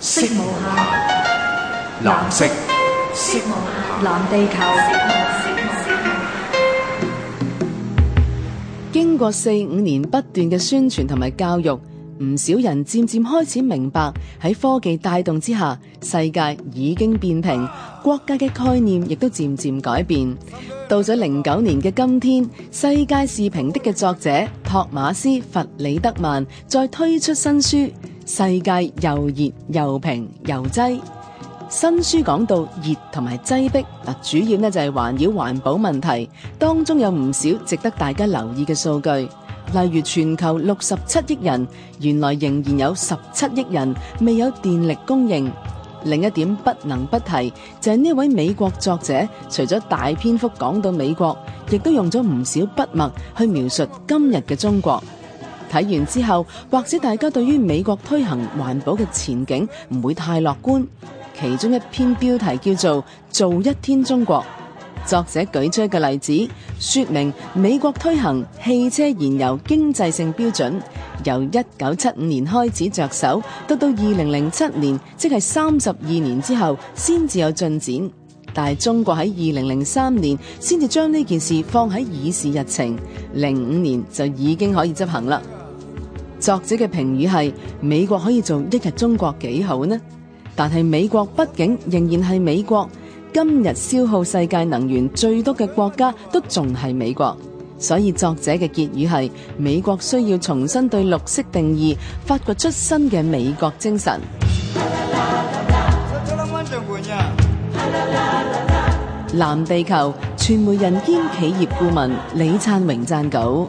色無限，藍色，色無限，藍地球。經過四五年不斷嘅宣傳同埋教育，唔少人漸漸開始明白喺科技帶動之下，世界已經變平，國家嘅概念亦都漸漸改變。到咗零九年嘅今天，《世界是平的》嘅作者托馬斯·弗里德曼再推出新書。世界又熱又平又擠，新書講到熱同埋擠迫嗱，主要咧就係環繞環保問題，當中有唔少值得大家留意嘅數據，例如全球六十七億人，原來仍然有十七億人未有電力供應。另一點不能不提，就係呢一位美國作者，除咗大篇幅講到美國，亦都用咗唔少筆墨去描述今日嘅中國。睇完之後，或者大家對於美國推行環保嘅前景唔會太樂觀。其中一篇標題叫做《做一天中國》，作者舉出一個例子，說明美國推行汽車燃油經濟性標準，由一九七五年開始着手，到到二零零七年，即係三十二年之後先至有進展。但係中國喺二零零三年先至將呢件事放喺議事日程，零五年就已經可以執行啦。作者嘅評語係：美國可以做一日中國幾好呢？但係美國畢竟仍然係美國，今日消耗世界能源最多嘅國家都仲係美國。所以作者嘅結語係：美國需要重新對綠色定義，發掘出新嘅美國精神。藍地球，傳媒人兼企業顧問李燦榮撰稿。